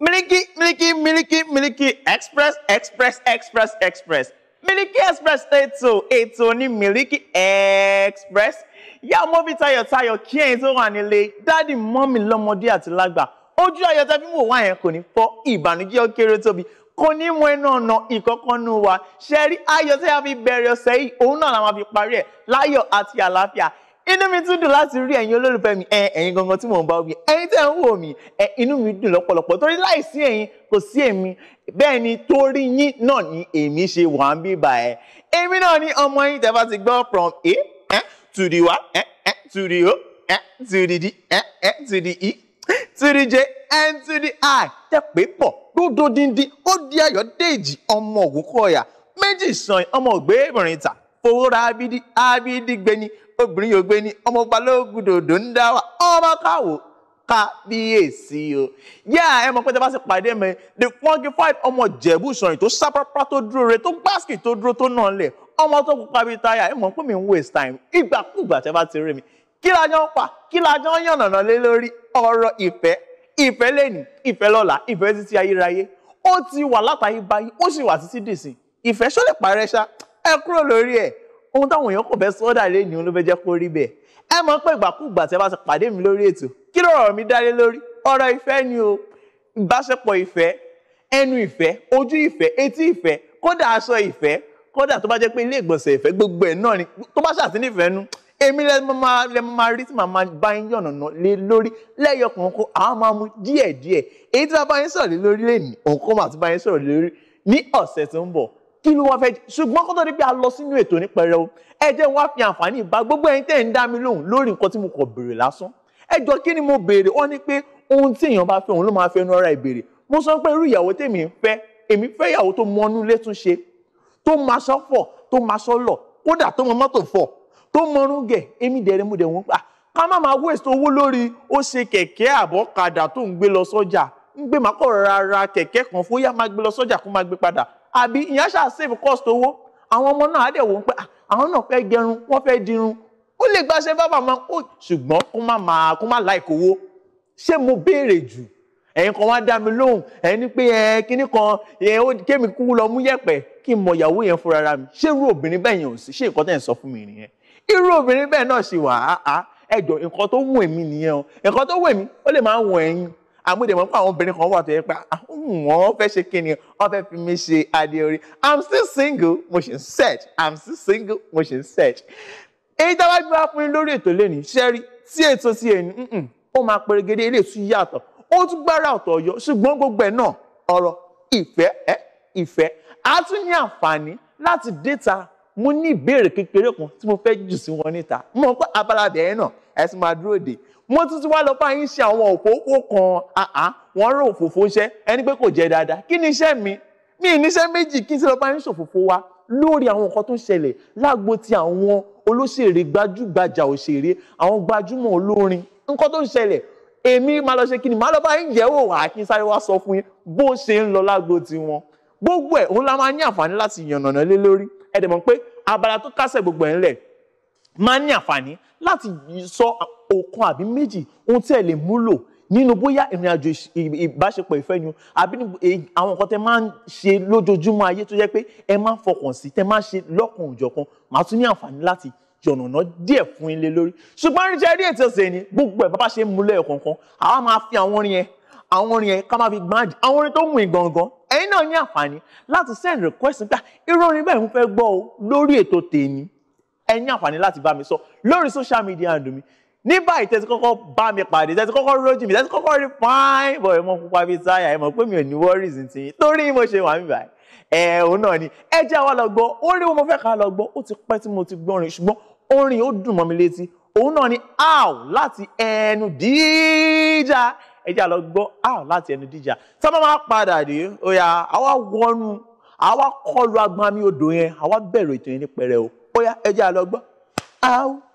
Miliki, Miliki, Miliki, Miliki, Express, Express, Express, Express. Miliki Express ètò ètò ní Miliki Express. Yá ọmọ bíi tayọ̀tayọ̀ kí ẹ̀yin tó wà nílé, dáàdì mọ́mì lọ́mọdé àti lágbà. Ojú ayọ̀tẹ́ fún wò wá yẹn kò ní fọ́ ìbànújẹ́ ó kéré tóbi. Kò ní mọ ẹnu ọ̀nà ìkọ́kọ́nú wa. Ṣé rí ayọ̀ bẹ̀rẹ̀ ọ̀sẹ̀ yìí, òun náà la máa fi parí ẹ̀ láyọ̀ àti àlàáfíà inú mi tún dùn láti rí ẹ̀yin olólùfẹ́ mi ẹ ẹ̀yin gangan tí mò ń bá wí ẹ̀yin tẹ́ ń wò mí ẹ inú mi dùn lọ́pọ̀lọpọ̀ torí láìsí ẹ̀yin kò sí èmi bẹ́ẹ̀ ni torí yín náà ni èmi ṣe wà ń bíbà ẹ̀ èmi náà ni ọmọ yín tẹ́ bá ti gbọ́ from a to the y to the o to the d to the e to the j and to the i jẹ́ pé pọ̀ dúdú díndín ó di Ayọ̀dèjì ọmọ Ògúnkọ̀yà méjì sàn ọmọ ògbébìnrin ta fowó ra abidi abidi gbeni obìnrin yóò gbeni ọmọ balógun ń dá wa ọmọ káwò kábíyèsí o yá ẹ mọ pé tí a bá sì pàdé mi the funkified ọmọ jẹ̀bú sọ̀rìn tó sápápá tó dúró re tó gbásìkì tó dúró tó nà lẹ̀ ọmọ tó pupa bíi táyà ẹ mọ pé mi ń waste time ìgbàkúgbà tí a bá ti rí mi kí la jọ ń pa kí la jọ ń yànnàná lé lórí ọ̀rọ̀ ìfẹ́ ìfẹ́ lẹ́nu ìfẹ́ lọ́la ìfẹ́ títí ayérayé ó ti wà látàyè báyìí ó sì wà títí dìsìn ìfẹ́ ṣó lè ṣá ẹ kúrò lórí ẹ̀ ohun táwọn èèyàn kò fẹ́ sọ́dà lé ní ló fẹ́ jẹ́ kó rí bẹ́ẹ̀ ẹ mọ̀ pé ìgbàkúgbà tí ẹ bá ti pàdé mi lórí ètò kí lọ́rọ̀ mi dálé lórí ọ̀rọ̀ ìfẹ́ ni o ìbáṣepọ̀ ìfẹ́ ẹnu ìfẹ́ ojú ìfẹ́ etí ìfẹ́ kódà aṣọ ìfẹ́ kódà tó bá jẹ́ pé ilé ìgbọ̀nsẹ̀ ìfẹ́ gbogbo ẹ̀ náà ni tó bá ṣàtì nífẹ̀ẹ́ nu èmi lẹ máa lẹ máa rí tí màá máa bá yín yànnàná lé lórí lẹ́yọ kọ̀ọ̀kan àwọn máa mú díẹ̀ díẹ̀ èyí tí bá bá yín sọ̀rọ̀ lé lórí lè ní òun kó máa tún bá yín sọ̀rọ̀ lórí ní ọ̀sẹ̀ tó ń bọ̀ kí ló wá fẹ́ ṣùgbọ́n kó tó di pé a lọ sínú ètò ní pẹrẹu ẹ jẹ́ wá fi àǹfààní bá gbogbo ẹ̀yin tẹ́ ń dá mi lóhùn lórí nǹkan tí mo kọ̀ béèrè lásán ẹ jọ kí ni mo béèrè wọ́n ní pé ohun tí èèyàn bá fẹ́ òun ló máa fẹ́ nu ara ìbéèrè mo sọ pé irú ìyàwó tèmi ń fẹ́ èmi fẹ́ ìyàwó tó mọnú létúnṣe tó maṣọ fọ̀ tó maṣọ lọ̀ kódà tó mọ mọ́tò fọ̀ tó mọrún gẹ̀ èmi dẹ̀rẹ̀ mo dẹ̀ wọ́n pa ká má máa waste owó lórí ó ṣe kẹ̀kẹ́ àbọ̀kadà tó ń gbé lọ sọ́jà ń gbé màkọ́ rara kẹ̀kẹ́ kan fóyá máa gbé lọ sọ́jà kó máa gbé padà àbí ìyẹn ṣáà save cost owó àwọn ọmọ náà á dẹ̀ wò ó pé ah, àwọn náà fẹ́ gẹrun wọ́n fẹ́ dirun ó lè gbaṣẹ́ bábà máa ó ṣùgbọ́n kó má máa kó má láì kówó ṣé mo béèrè jù ẹ̀yin kan wá dá mi lóhùn ẹ̀yin ní pé ẹ kíní kan ẹ ó kémi kú lọ mú yẹ̀pẹ̀ kí n mọ ìyàwó yẹn fúnra ra mi ṣé irú obìnrin bẹ́ẹ̀ yẹn ò sí ṣé nǹkan tẹ̀ ń sọ fún mi nìyẹn irú obìnrin bẹ́ẹ̀ náà ṣì wà á ẹjọ́ nǹkan tó wù mí nìyẹn o nǹkan tó wù mí ó lè máa wù ẹ̀yin àmúdèmọ́ pé àwọn obìnrin kan wà tó yẹ pé ah, hmm, wọ́n fẹ́ ṣe kí wọ́n fẹ́ fi mí ṣe adé orí i'm still single mo ṣe ń search i'm still single mo ṣe ń search. èyí tá a wá gbé wá fún yín lórí ètò lẹ́nu ṣẹ́rí tí ètò sí ẹni ó máa pèrègede ilé ìtú yàtọ̀ ó tún gbára ọ̀tọ̀ yọ ṣùgbọ́n gbogbo ẹ̀ náà ọ̀rọ̀ ìfẹ́ ẹ̀ ìfẹ́ a tún ní àǹfààní láti déta mo ní ìbéèrè kékeré kan tí mo fẹ́ jù sí wọn níta mo mọ̀ pé abala bẹ̀rẹ̀ náà ẹ̀sìn máa dúró dè mo tún ti wá lọ bá yín ṣe àwọn òfófó kan àá wọn rò òfófó ṣẹ ẹni pé kò jẹ dáadáa kí ni iṣẹ́ mi mi níṣẹ́ méjì kí n ti lọ bá yín ṣòfófó wa lórí àwọn nǹkan tó ń ṣẹlẹ̀ lágbo ti àwọn olóṣèré gbajúgbajà òṣèré àwọn gbajúmọ̀ olórin nǹkan tó ń ṣẹlẹ̀ èmi máa lọ ṣe kí ni máa lọ bá yín yẹ̀wò àkín sáré wá sọ fún yín bó ṣe ń lọ lágbo ti wọn gbogbo ẹ̀ òun la máa ní àǹfààní láti yànnàná lé lórí ẹ̀ dẹ̀ mọ̀ pé abala tó kásẹ̀ gbogbo ẹ̀ ńlẹ̀ máa ní àǹfààní láti sọ ọ̀kan àbí méjì ohun tí ẹ lè múlò nínú bóyá ìrìn àjò ìbáṣepọ̀ ìfẹ́ ni àbí àwọn nǹkan tẹ máa ń ṣe lójoojúmọ́ ayé tó jẹ́ pé ẹ máa ń fọkàn sí tẹ máa ń ṣe lọ́kàn òjọ̀kan màá tún ní àǹfààní láti jọ̀nàná díẹ̀ fún ilé lórí ṣùgbọ́n ríṣẹ́ rí ètò ọ̀sẹ̀ ni gbogbo ẹ̀ bá bá ṣe ń múlẹ̀ kọ̀ọ̀kan àwa máa fi àwọn orin yẹn àwọn orin yẹn ká máa fi gbáǹdì àwọn orin tó mú ìgangan ẹ̀yin náà ní àǹfààní láti send request nípa ah, irú orin bẹ́ẹ̀ ń fẹ́ gbọ́ o lórí ètò tèmi ẹ ní àǹfààní láti bá mi sọ lórí social media handle mi ní báyìí tẹ́tí kọ́kọ́ bá mi pàdé tẹ́tí kọ́kọ́ rójú mi tẹ́tí kọ́kọ́ rí fine boy mọ́ pupa bíi táyà ẹ̀ mọ̀ pé mi ò ní worries ti yín torí mo ṣe wà mí báyìí ẹ̀hún náà ni ẹ jẹ́ àwa lọ gbọ́ orí wo mo fẹ́ ká lọ gbọ́ ó ti pẹ́ tí mo ti gbọ́rin ṣùgbọ́n orin ó dùn mọ́ mi létí òun náà ni how láti ẹnu díjà ẹ jẹ́ àlọ́ gbọ́ how láti ẹnu díjà tá a máa padà dé ó yá àwa wọnú àwa kọlu agbami odò yẹn àwa bẹ̀rẹ̀ ètò yẹn ní pẹrẹ ó yá ẹjẹ́ àlọ́gbọ́ áú.